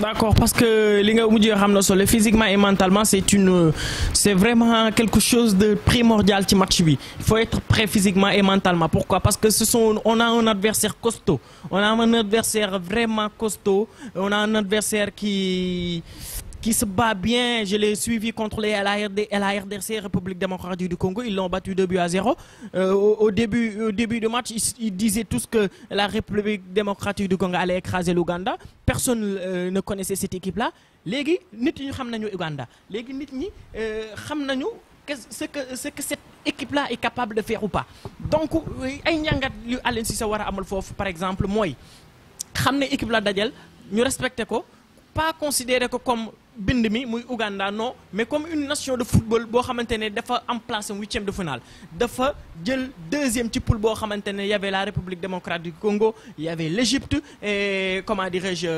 D'accord, parce que le physiquement et mentalement c'est une c'est vraiment quelque chose de primordial qui match il faut être prêt physiquement et mentalement pourquoi parce que ce sont on a un adversaire costaud on a un adversaire vraiment costaud on a un adversaire qui qui se bat bien. Je l'ai suivi contre les LARD, LARDC, République démocratique du Congo. Ils l'ont battu 2 buts à 0. Euh, au, début, au début du match, ils, disaient tous que la République démocratique du Congo allait écraser l'Ouganda. Personne euh, ne connaissait cette équipe-là. Légui, nit savons Légui euh, ce que cette équipe-là est capable de faire ou pas. Donc ay ñangat yu Alain wara par exemple moy xamné équipe la dajel ñu respecter ko pas considérer comme bind Ouganda non mais comme une nation de football il y dafa am place un huitième de finale dafa jël deuxième type, poule bo xamantene y avait la République démocratique du Congo il y avait l'Égypte et comment dirais-je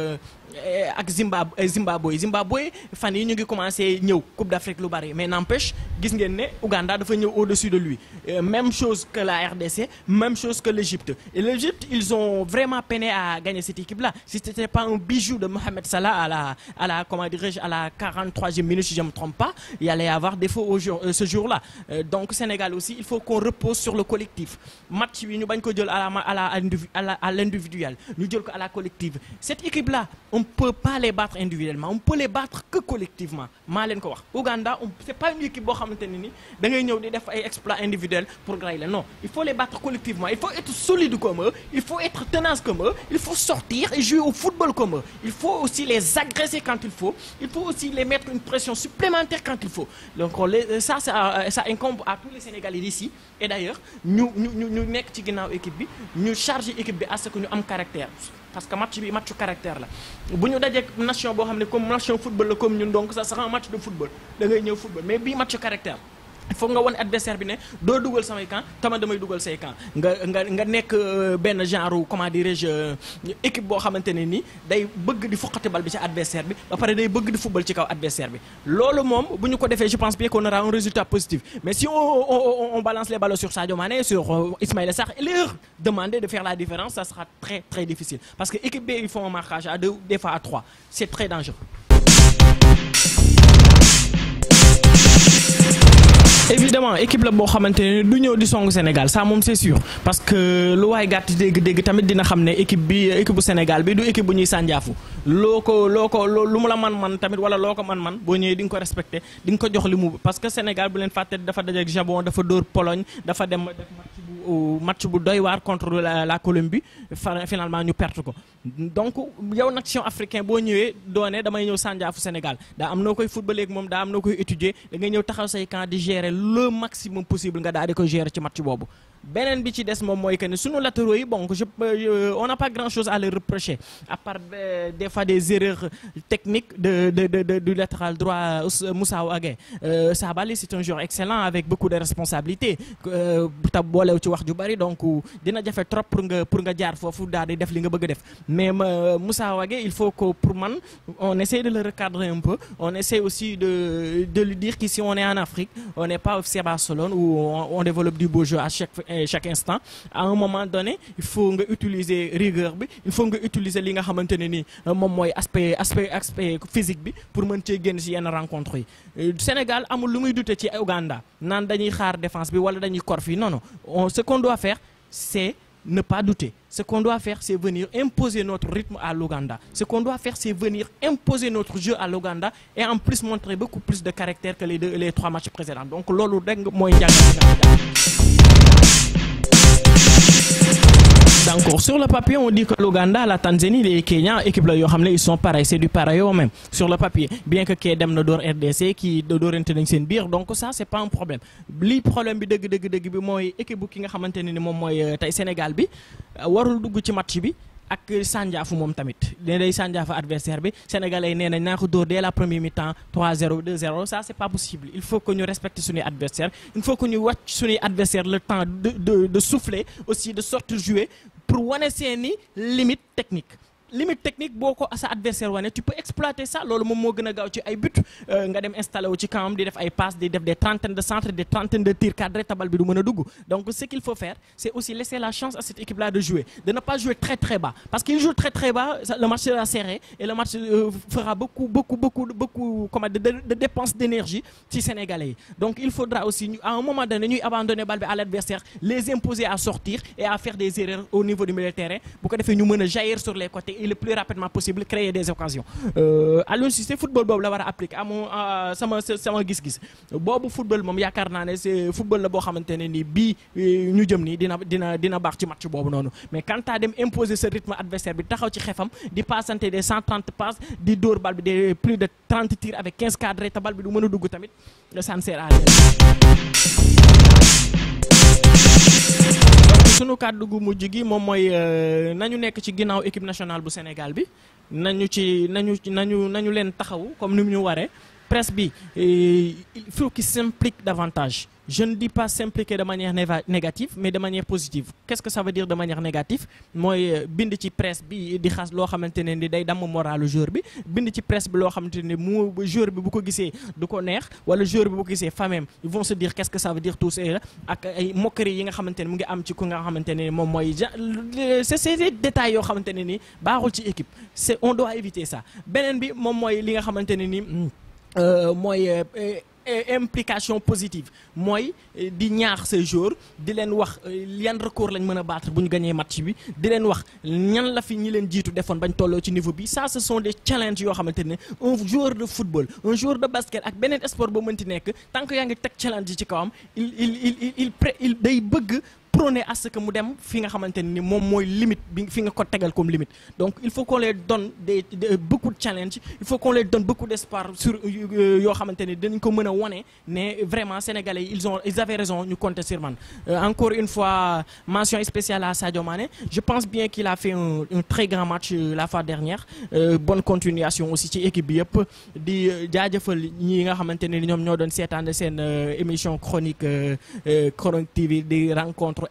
ak Zimbabwe Zimbabwe Zimbabwe fan yi ñu ngi commencé Coupe d'Afrique lu bari mais n'empêche gis ngeen Ouganda dafa au-dessus de lui euh, même chose que la RDC même chose que l'Égypte et l'Égypte ils ont vraiment peiné à gagner cette équipe là si c'était pas un bijou de Mohamed Salah à la à la comment dirais-je la 43e minute, si je ne me trompe pas, il allait y avoir défaut au euh, ce jour-là. donc euh, donc, Sénégal aussi, il faut qu'on repose sur le collectif. Match, nous à l'individuel, nous à la collective. Cette équipe-là, on ne peut pas les battre individuellement, on peut les battre que collectivement. Malen Ouganda, ce n'est pas une équipe qui faire fait exploits individuels pour Graïla. Non, il faut les battre collectivement. Il faut être solide comme eux, il faut être tenace comme eux, il faut sortir et jouer au football comme eux. Il faut aussi les agresser quand il faut. Il faut faut aussi les mettre une pression supplémentaire quand il faut. Donc on les, ça, ça, ça incombe à tous les Sénégalais d'ici. Et d'ailleurs, nous, nous, nous, nous ci équipe bi ñu charge équipe à ce que ñu un caractère parce que match bi match caractère Si nous avons une nation boo comme football comme ñun donc ça sera un match de football da ngay football mais match caractère faut nga won adversaire bi ne do dougal samay camp tama damay dougal say camp nga nga nga nekk euh, benn genre comment dirais-je euh, équipe bo xamante ni day bëgg di foqati bal bi ci adversaire bi ba pare day bëgg di football ci kaw adversaire bi lolu mom buñu ko défé je pense bien qu'on aura un résultat positif mais si on on, on balance les balles sur Sadio Mané sur euh, Ismaïla Sarr leur demander de faire la différence ça sera très très difficile parce que équipe B ils font un marquage à deux des fois à trois c'est très dangereux évidemment équipe la bo xamante du ñëw di song Sénégal ça moom c'est sûr parce que lu way gatt dégg-dégg tamit dina xamné équipe bi équipe du Sénégal bi du équipe bu ñuy sandiafu loko loko loo lu mu la man-man tamit wala loko man-man bo ñëwee di ko respecté di nga ko jox limu parce que Sénégal bu len fàtte dafa ak Japon dafa dóor Pologne dafa dem def match bu match bu doy war contre la Colombie finalement ñu perte ko donc yow nag africain bo ñëwé doone damay ñëw sandiafu Sénégal da am noo koy ak mom da am noo étudier da ngay ñëw taxaw say camp di gérer le maximum possible nga daal di ko gérer ci match bobu benen bi ci dess mom moy que suñu latéraux yi bon je euh, on n'a pas grand chose à leur reprocher à part euh, des fois des erreurs techniques de de de, de du latéral droit euh, Moussa Wagué euh, Sabaly c'est un joueur excellent avec beaucoup de responsabilités ta bolé ci wax ju bari donc dina jafé trop pour nga pour nga jaar fofu daal di def li nga bëgg def. Mais euh, Moussa Wagé il faut qu'on pour on essaie de le recadrer un peu. On essaie aussi de, de lui dire qu'ici, on est en Afrique. On n'est pas FC Barcelone où on, développe du beau jeu à chaque, euh, chaque instant. À un moment donné, il faut utiliser rigueur, il faut utiliser l'aspect euh, aspect aspect physique pour maintenir une génn ci rencontre Sénégal amul lu muy douté ci Ouganda. Nan dañuy xaar défense bi wala dañuy corps fi non non. ce qu'on doit faire c'est ne pas douter. Ce qu'on doit faire, c'est venir imposer notre rythme à l'Ouganda. Ce qu'on doit faire, c'est venir imposer notre jeu à l'Ouganda et en plus montrer beaucoup plus de caractère que les, les trois matchs précédents. Donc, l'Olodeng, moi, donc sur le papier on dit que l'Ouganda la Tanzanie les Kenya équipe là, ils sont pareils c'est du pareil au même sur le papier bien que Kedem ne na RDC qui doorante nañ seen donc ça c'est pas un problème Le problème bi que l'équipe de bi mooy équipe bu ki nga xamante ne ni moom euh, Sénégal bi euh, warul dugg ci match bi ak Sandiafou mom tamit ne day adversaire bi sénégalais nénañ nako naa dès la première mi-temps 3-0 2-0 ça c'est pas possible il faut que ñu respecte suñuy adversaire il faut que ñu watch suñuy adversaire le temps de de de souffler aussi de sorte jouer pour wane seeni limite technique limite technique à à sa adversaire tu peux exploiter ça loolu mom mo gëna gaw ci ay but euh, nga dem installer ci camp di def ay passes des trentaines de centres des trentaines de tirs cadrés tabal bi du donc ce qu'il faut faire c'est aussi laisser la chance à cette équipe là de jouer de ne pas jouer très très bas parce qu'il joue très très bas le match sera serré et le match euh, fera beaucoup beaucoup beaucoup beaucoup comme de, dépenses d'énergie ci sénégalais donc il faudra aussi à un moment donné ñuy abandonner bal à l'adversaire les imposer à sortir et à faire des erreurs au niveau du milieu de terrain pour que nous ñu jaillir sur les côtés et le plus rapidement possible créer des occasions euh, si c'est football l'avoir la à mon ça amoo sama sama gis-gis bobu football mom yaakaar naa ne c'est football la bo à maintenir ni bi euh, ñu jëm ni dina dina dina baax ci match bobu non. mais quand ta dem imposer ce rythme adversaire bi taxaw ci xefam di passante des 130 passes di dóor balles bi des plus de 30 tirs avec 15 cadres ta balle bi du mëna dugg tamit ça ne sert à rien sunu kàddu gu mujj gi moom mooy euh, nañu nekk ci ginnaaw équipe nationale bu Sénégal bi nañu ci nañu nañu nañu leen taxaw comme ni ñu waree presse bi il faut qu'il s'implique davantage je ne dis pas s'impliquer de manière négative mais de manière positive qu'est-ce que ça veut dire de manière négative Moi, euh, bind ci presse bi di xass lo xamantene ni day damm moral joueur bi bind ci presse bi lo xamantene mo joueur bi bu ko gisee du ko neex wala joueur bi bu ko famem ils vont se dire qu'est-ce que ça veut dire tout ça ak ay moquerie yi nga xamantene ne mu ngi am ci ku nga xamantene mom moy c'est ces détails yo xamantene ni baaxul ci équipe c'est on doit éviter ça Benen bi mom moy li nga xamantene ne ni hmm, euh, Implications euh, euh, implication positive moi di ces jours di wax record lañ battre bu match la niveau ça ce sont des challenges un joueur de football un joueur de basket ak sport tant que a challenge il il est à ce que mu dem fi nga xamanteni limite comme limite donc il faut qu'on leur donne des beaucoup de challenge il faut qu'on leur donne beaucoup d'espoir sur euh, euh, yo xamanteni dañ ko mën woné Mais vraiment sénégalais ils ont ils avaient raison nous compter sur man euh, encore une fois mention spéciale à Sadio Mané je pense bien qu'il a fait un, très grand match la fois dernière bonne continuation aussi ci équipe bi yëpp di jaajëfal ñi nga xamanteni ñom ñoo émission chronique chronique TV des rencontres.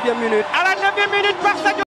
9e minute. À la 9e minute par Sadio